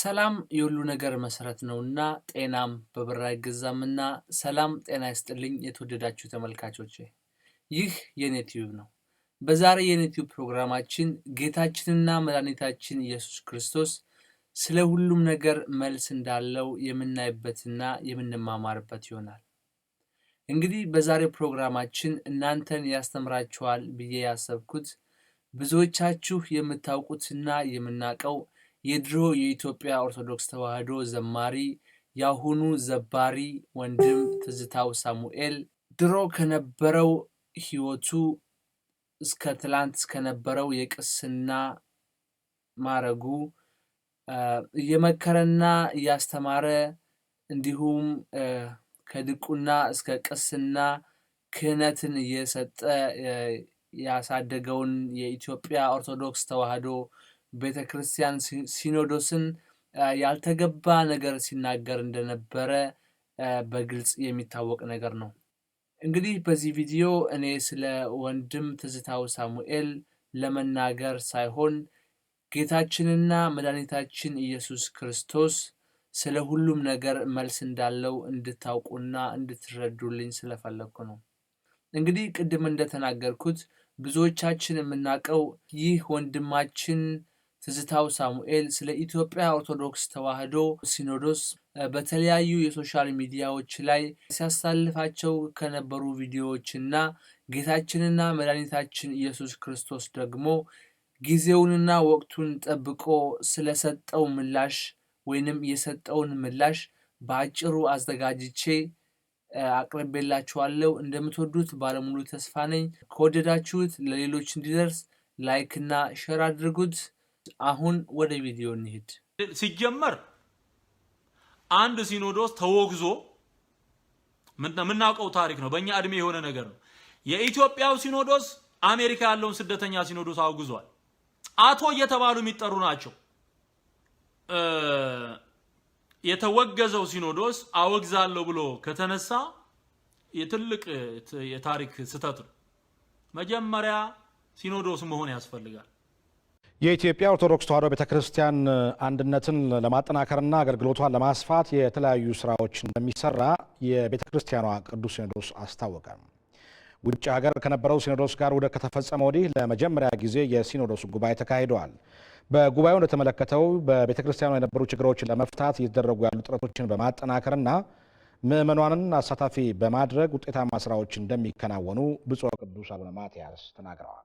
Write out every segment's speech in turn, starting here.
ሰላም የሁሉ ነገር መሰረት ነውና ጤናም በብር አይገዛምና። ሰላም ጤና ይስጥልኝ የተወደዳችሁ ተመልካቾች፣ ይህ የኔትዩብ ነው። በዛሬ የኔትዩብ ፕሮግራማችን ጌታችንና መድኃኒታችን ኢየሱስ ክርስቶስ ስለ ሁሉም ነገር መልስ እንዳለው የምናይበትና የምንማማርበት ይሆናል። እንግዲህ በዛሬው ፕሮግራማችን እናንተን ያስተምራችኋል ብዬ ያሰብኩት ብዙዎቻችሁ የምታውቁትና የምናቀው የድሮ የኢትዮጵያ ኦርቶዶክስ ተዋህዶ ዘማሪ የአሁኑ ዘባሪ ወንድም ትዝታው ሳሙኤል ድሮ ከነበረው ህይወቱ እስከ ትላንት እስከነበረው የቅስና ማረጉ እየመከረና እያስተማረ እንዲሁም ከድቁና እስከ ቅስና ክህነትን እየሰጠ ያሳደገውን የኢትዮጵያ ኦርቶዶክስ ተዋህዶ። ቤተ ክርስቲያን ሲኖዶስን ያልተገባ ነገር ሲናገር እንደነበረ በግልጽ የሚታወቅ ነገር ነው። እንግዲህ በዚህ ቪዲዮ እኔ ስለ ወንድም ትዝታው ሳሙኤል ለመናገር ሳይሆን ጌታችንና መድኃኒታችን ኢየሱስ ክርስቶስ ስለ ሁሉም ነገር መልስ እንዳለው እንድታውቁና እንድትረዱልኝ ስለፈለግኩ ነው። እንግዲህ ቅድም እንደተናገርኩት ብዙዎቻችን የምናውቀው ይህ ወንድማችን ትዝታው ሳሙኤል ስለ ኢትዮጵያ ኦርቶዶክስ ተዋህዶ ሲኖዶስ በተለያዩ የሶሻል ሚዲያዎች ላይ ሲያሳልፋቸው ከነበሩ ቪዲዮዎችና ጌታችንና መድኃኒታችን ኢየሱስ ክርስቶስ ደግሞ ጊዜውንና ወቅቱን ጠብቆ ስለሰጠው ምላሽ ወይንም የሰጠውን ምላሽ በአጭሩ አዘጋጅቼ አቅርቤላችኋለሁ። እንደምትወዱት ባለሙሉ ተስፋ ነኝ። ከወደዳችሁት ለሌሎች እንዲደርስ ላይክና ሸር አድርጉት። አሁን ወደ ቪዲዮ እንሄድ። ሲጀመር አንድ ሲኖዶስ ተወግዞ ምናውቀው ታሪክ ነው። በእኛ እድሜ የሆነ ነገር ነው። የኢትዮጵያው ሲኖዶስ አሜሪካ ያለውን ስደተኛ ሲኖዶስ አውግዟል። አቶ እየተባሉ የሚጠሩ ናቸው። የተወገዘው ሲኖዶስ አወግዛለሁ ብሎ ከተነሳ የትልቅ የታሪክ ስህተት ነው። መጀመሪያ ሲኖዶስ መሆን ያስፈልጋል። የኢትዮጵያ ኦርቶዶክስ ተዋሕዶ ቤተ ክርስቲያን አንድነትን ለማጠናከርና አገልግሎቷን ለማስፋት የተለያዩ ስራዎች እንደሚሰራ የቤተ ክርስቲያኗ ቅዱስ ሲኖዶስ አስታወቀ። ውጭ ሀገር ከነበረው ሲኖዶስ ጋር ውህደት ከተፈጸመ ወዲህ ለመጀመሪያ ጊዜ የሲኖዶስ ጉባኤ ተካሂደዋል። በጉባኤው እንደተመለከተው በቤተ ክርስቲያኗ የነበሩ ችግሮችን ለመፍታት እየተደረጉ ያሉ ጥረቶችን በማጠናከርና ምዕመኗንን አሳታፊ በማድረግ ውጤታማ ስራዎች እንደሚከናወኑ ብፁዕ ቅዱስ አቡነ ማትያስ ተናግረዋል።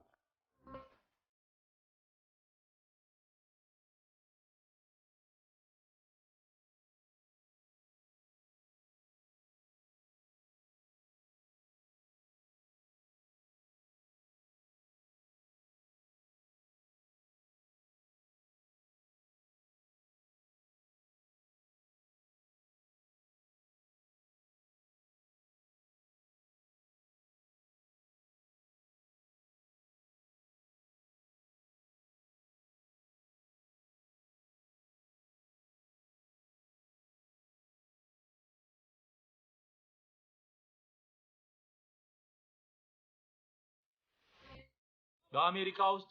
በአሜሪካ ውስጥ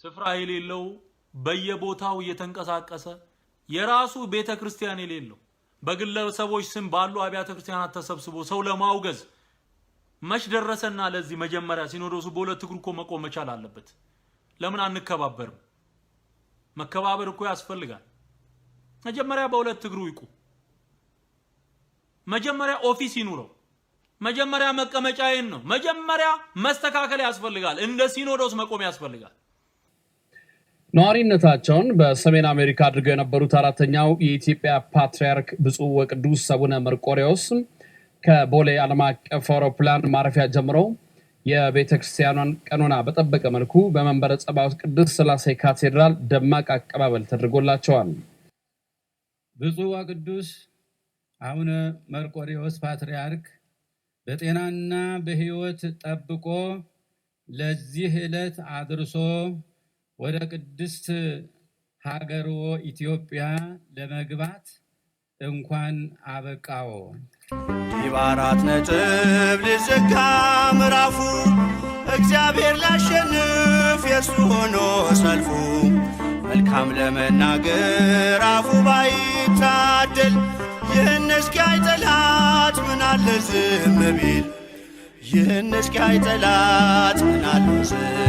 ስፍራ የሌለው በየቦታው እየተንቀሳቀሰ የራሱ ቤተ ክርስቲያን የሌለው በግለሰቦች ስም ባሉ አብያተ ክርስቲያናት ተሰብስቦ ሰው ለማውገዝ መች ደረሰና ለዚህ መጀመሪያ ሲኖዶሱ በሁለት እግሩ እኮ መቆም መቻል አለበት። ለምን አንከባበርም? መከባበር እኮ ያስፈልጋል። መጀመሪያ በሁለት እግሩ ይቁ። መጀመሪያ ኦፊስ ይኑረው። መጀመሪያ መቀመጫዬን ነው። መጀመሪያ መስተካከል ያስፈልጋል። እንደ ሲኖዶስ መቆም ያስፈልጋል። ነዋሪነታቸውን በሰሜን አሜሪካ አድርገው የነበሩት አራተኛው የኢትዮጵያ ፓትርያርክ ብፁዕ ወቅዱስ አቡነ መርቆሬዎስ ከቦሌ ዓለም አቀፍ አውሮፕላን ማረፊያ ጀምሮ የቤተ ክርስቲያኗን ቀኖና በጠበቀ መልኩ በመንበረ ጸባዖት ቅድስት ሥላሴ ካቴድራል ደማቅ አቀባበል ተደርጎላቸዋል። ብፁዕ ወቅዱስ አቡነ መርቆሬዎስ ፓትርያርክ በጤናና በሕይወት ጠብቆ ለዚህ ዕለት አድርሶ ወደ ቅድስት ሀገርዎ ኢትዮጵያ ለመግባት እንኳን አበቃዎ። ይባራት ነጥብ ልጽጋ ምዕራፉ እግዚአብሔር ላሸንፍ የሱ ሆኖ ሰልፉ መልካም ለመናገር አፉ ባይታደል ይህን እስኪያይ ጠላት ምናለ ዝም ቢል ይህን እስኪያይ ጠላት ምናለ ዝም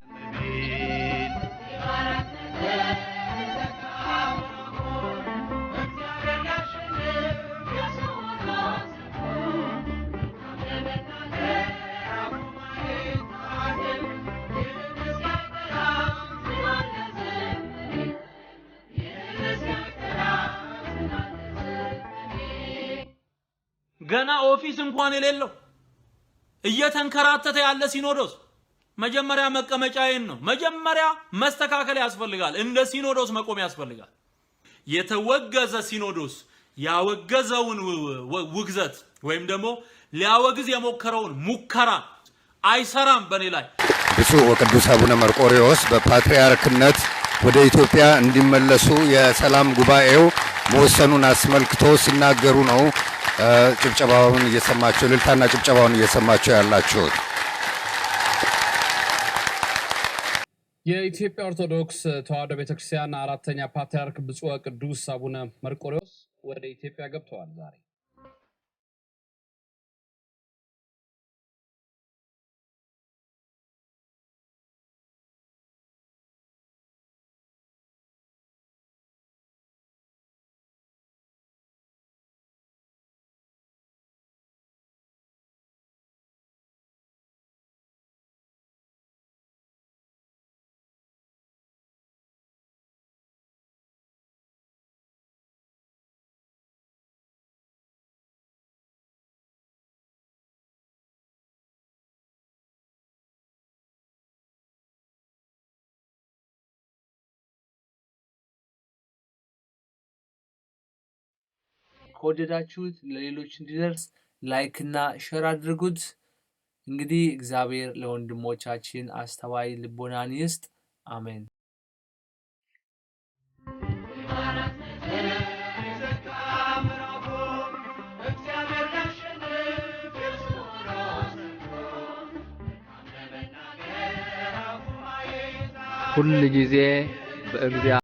ገና ኦፊስ እንኳን የሌለው እየተንከራተተ ያለ ሲኖዶስ መጀመሪያ መቀመጫዬን ነው። መጀመሪያ መስተካከል ያስፈልጋል። እንደ ሲኖዶስ መቆም ያስፈልጋል። የተወገዘ ሲኖዶስ ያወገዘውን ውግዘት ወይም ደግሞ ሊያወግዝ የሞከረውን ሙከራ አይሰራም በእኔ ላይ። ብፁዕ ወቅዱስ አቡነ መርቆሪዎስ በፓትርያርክነት ወደ ኢትዮጵያ እንዲመለሱ የሰላም ጉባኤው መወሰኑን አስመልክቶ ሲናገሩ ነው ጭብጨባውን እየሰማችሁ እልልታና ጭብጨባውን እየሰማችሁ ያላችሁት የኢትዮጵያ ኦርቶዶክስ ተዋሕዶ ቤተክርስቲያን አራተኛ ፓትርያርክ ብፁዕ ቅዱስ አቡነ መርቆሪዎስ ወደ ኢትዮጵያ ገብተዋል ዛሬ ከወደዳችሁት ለሌሎች እንዲደርስ ላይክና ሼር አድርጉት። እንግዲህ እግዚአብሔር ለወንድሞቻችን አስተዋይ ልቦናን ይስጥ። አሜን። ሁል ጊዜ በእግዚአብሔር